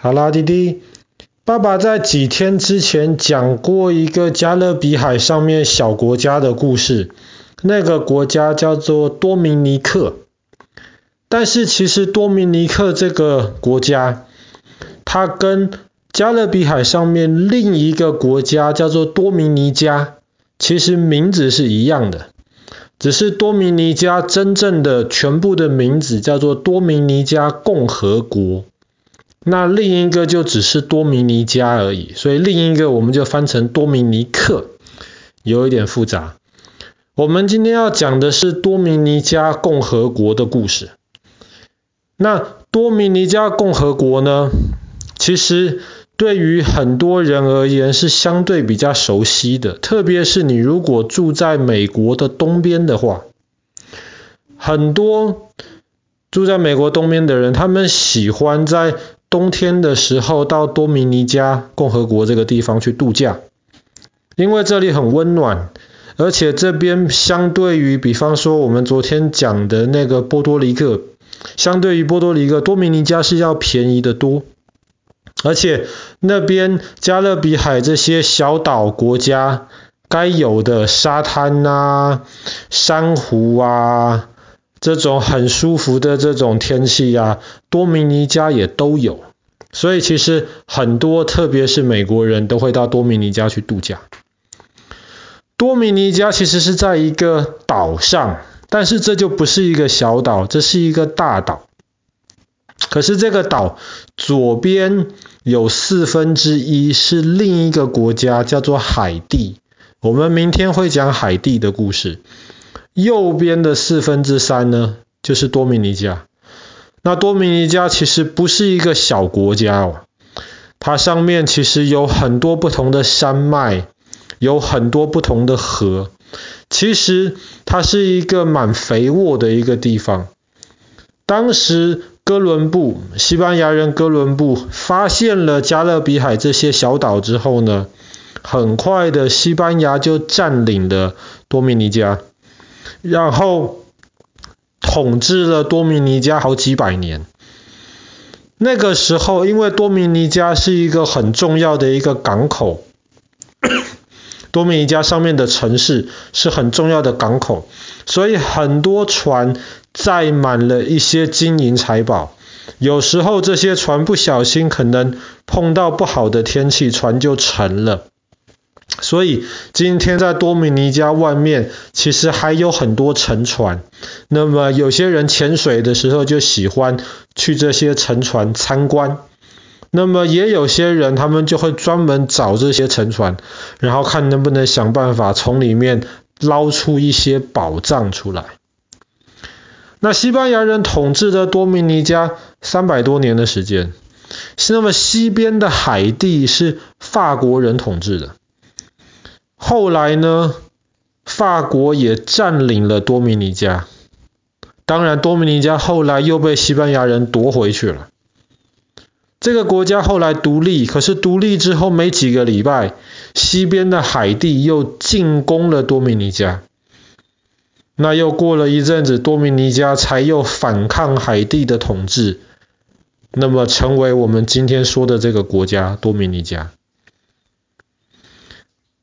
好啦，弟弟，爸爸在幾天之前講過一個加勒比海上面小國家的故事，那個國家叫做多明尼克。但是其實多明尼克這個國家，它跟加勒比海上面另一個國家叫做多明尼加，其實名字是一樣的，只是多明尼加真正的全部的名字叫做多明尼加共和國。那另一個就只是多明尼加而已，所以另一個我們就翻成多米尼克，有一點複雜。我們今天要講的是多明尼加共和國的故事。那多明尼加共和國呢，其實對於很多人而言是相對比較熟悉的，特別是你如果住在美國的東邊的話，很多住在美國東邊的人，他們喜歡在冬天的時候到多明尼加共和國這個地方去度假，因為這裡很溫暖，而且這邊相對於，比方說我們昨天講的那個波多黎各，相對於波多黎各，多明尼加是要便宜得多，而且那邊加勒比海這些小島國家，該有的沙灘啊、珊瑚啊。這種很舒服的這種天氣呀、啊，多明尼加也都有，所以其實很多，特別是美國人都會到多明尼加去度假。多明尼加其實是在一個島上，但是這就不是一個小島，這是一個大島。可是這個島左邊有四分之一是另一個國家，叫做海地。我們明天會講海地的故事。右邊的四分之三呢，就是多米尼加。那多米尼加其實不是一個小國家哦，它上面其實有很多不同的山脈，有很多不同的河。其實它是一個蠻肥沃的一個地方。當時哥倫布，西班牙人哥倫布發現了加勒比海這些小島之後呢，很快的西班牙就佔領了多米尼加。然後統治了多明尼加好幾百年。那個時候，因為多明尼加是一個很重要的一個港口，多明尼加上面的城市是很重要的港口，所以很多船載滿了一些金銀財寶。有時候這些船不小心可能碰到不好的天氣，船就沉了。所以今天在多明尼加外面，其實還有很多沉船。那麼有些人潛水的時候就喜歡去這些沉船參觀。那麼也有些人，他們就會專門找這些沉船，然後看能不能想辦法從裡面撈出一些寶藏出來。那西班牙人統治的多明尼加三百多年的時間，那麼西邊的海地是法國人統治的。後來呢，法國也佔領了多明尼加，當然多明尼加後來又被西班牙人奪回去了。這個國家後來獨立，可是獨立之後沒幾個禮拜，西邊的海地又進攻了多明尼加。那又過了一陣子，多明尼加才又反抗海地的統治，那麼成為我們今天說的這個國家多明尼加。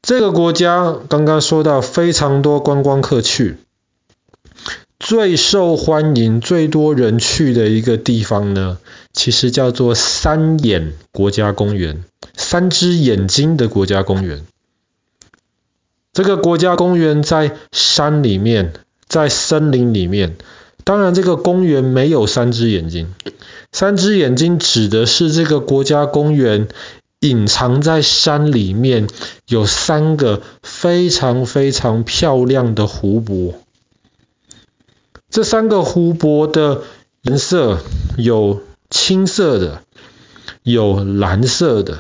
這個國家剛剛說到非常多觀光客去，最受歡迎、最多人去的一個地方呢，其實叫做三眼國家公園，三隻眼睛的國家公園。這個國家公園在山裡面，在森林裡面，當然這個公園沒有三隻眼睛，三隻眼睛指的是這個國家公園。隱藏在山裡面有三個非常非常漂亮的湖泊。這三個湖泊的顏色有青色的，有藍色的，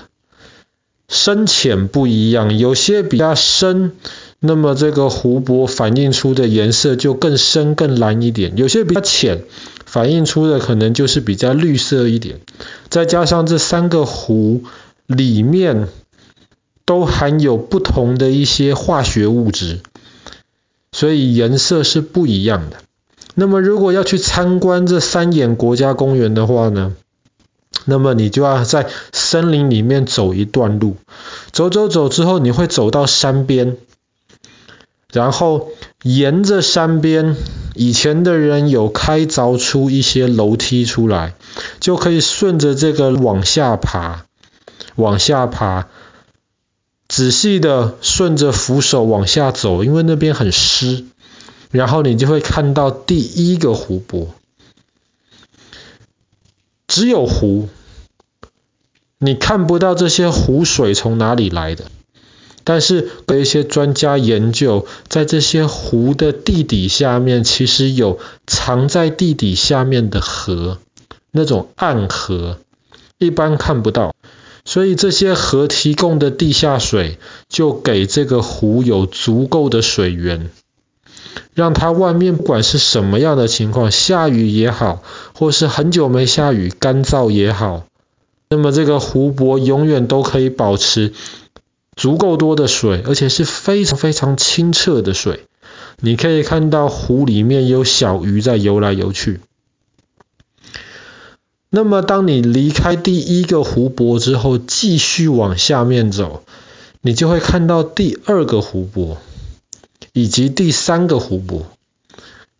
深淺不一樣，有些比較深，那麼這個湖泊反映出的顏色就更深更藍一點；有些比較淺，反映出的可能就是比較綠色一點。再加上這三個湖。裡面都含有不同的一些化學物質，所以顏色是不一樣的。那麼如果要去參觀這三眼國家公園的話呢，那麼你就要在森林裡面走一段路，走走走之後，你會走到山邊，然後沿着山邊，以前的人有開鑿出一些樓梯出來，就可以順着這個往下爬。往下爬，仔細的順着扶手往下走，因為那邊很濕，然後你就會看到第一個湖泊，只有湖，你看不到這些湖水從哪裡來的。但是被一些專家研究，在這些湖的地底下面，其實有藏在地底下面的河，那種暗河，一般看不到。所以這些河提供的地下水，就給這個湖有足夠的水源，讓它外面不管是什麼樣的情況，下雨也好，或是很久沒下雨乾燥也好，那麼這個湖泊永遠都可以保持足夠多的水，而且是非常非常清澈的水。你可以看到湖裡面有小魚在游來游去。那麼，當你離開第一個湖泊之後，繼續往下面走，你就會看到第二個湖泊，以及第三個湖泊。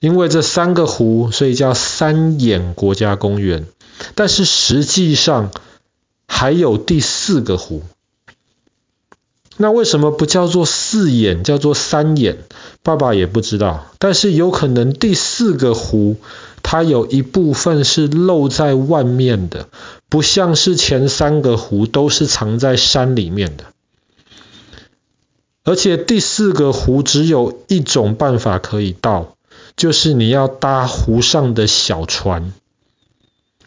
因為這三個湖，所以叫三眼國家公園。但是實際上還有第四個湖。那為什麼不叫做四眼，叫做三眼？爸爸也不知道。但是有可能第四個湖。它有一部分是露在外面的，不像是前三個湖都是藏在山裡面的，而且第四個湖只有一種辦法可以到，就是你要搭湖上的小船，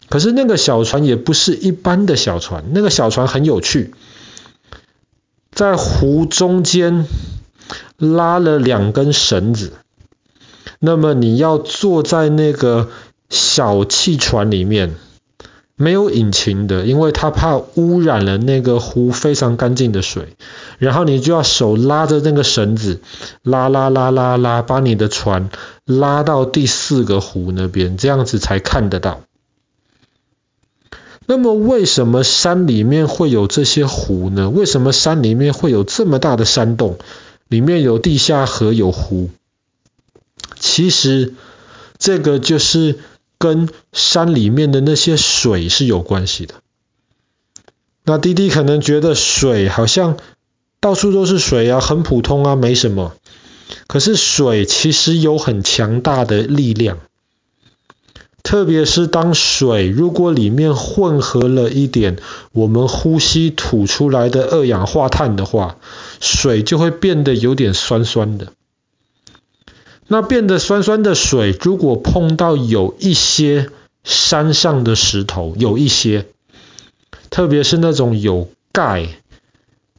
可是那個小船也不是一般的小船，那個小船很有趣，在湖中間拉了兩根繩子。那麼你要坐在那個小汽船裡面，沒有引擎的，因為它怕汙染了那個湖非常乾淨的水。然後你就要手拉着那個繩子，拉拉拉拉拉，把你的船拉到第四個湖那邊，這樣子才看得到。那麼為什麼山裡面會有這些湖呢？為什麼山裡面會有這麼大的山洞，裡面有地下河、有湖？其實這個就是跟山裡面的那些水是有關係的。那滴滴可能覺得水好像到處都是水啊，很普通啊，沒什麼。可是水其實有很強大的力量，特別是當水如果裡面混合了一點我們呼吸吐出來的二氧化碳的話，水就會變得有點酸酸的。那變得酸酸的水，如果碰到有一些山上的石頭，有一些，特別是那種有鈣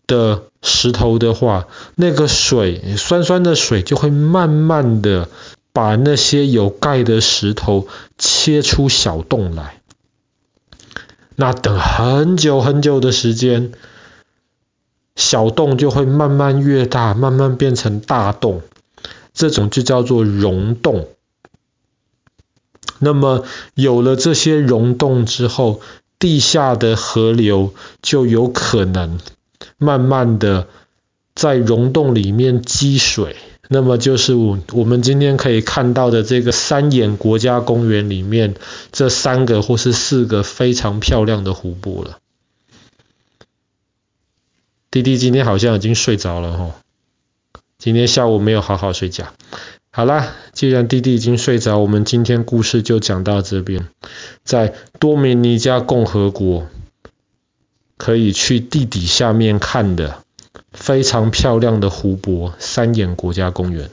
的石頭的話，那個水，酸酸的水就會慢慢的把那些有鈣的石頭切出小洞來。那等很久很久的時間，小洞就會慢慢越大，慢慢變成大洞。這種就叫做溶洞。那麼有了這些溶洞之後，地下的河流就有可能慢慢的在溶洞裡面積水，那麼就是我們今天可以看到的這個三眼國家公園裡面這三個或是四個非常漂亮的湖泊了。弟弟今天好像已經睡着了吼、哦。今天下午沒有好好睡覺。好啦，既然弟弟已經睡着，我們今天故事就講到這邊。在多明尼加共和國，可以去地底下面看的非常漂亮的湖泊——三眼國家公園。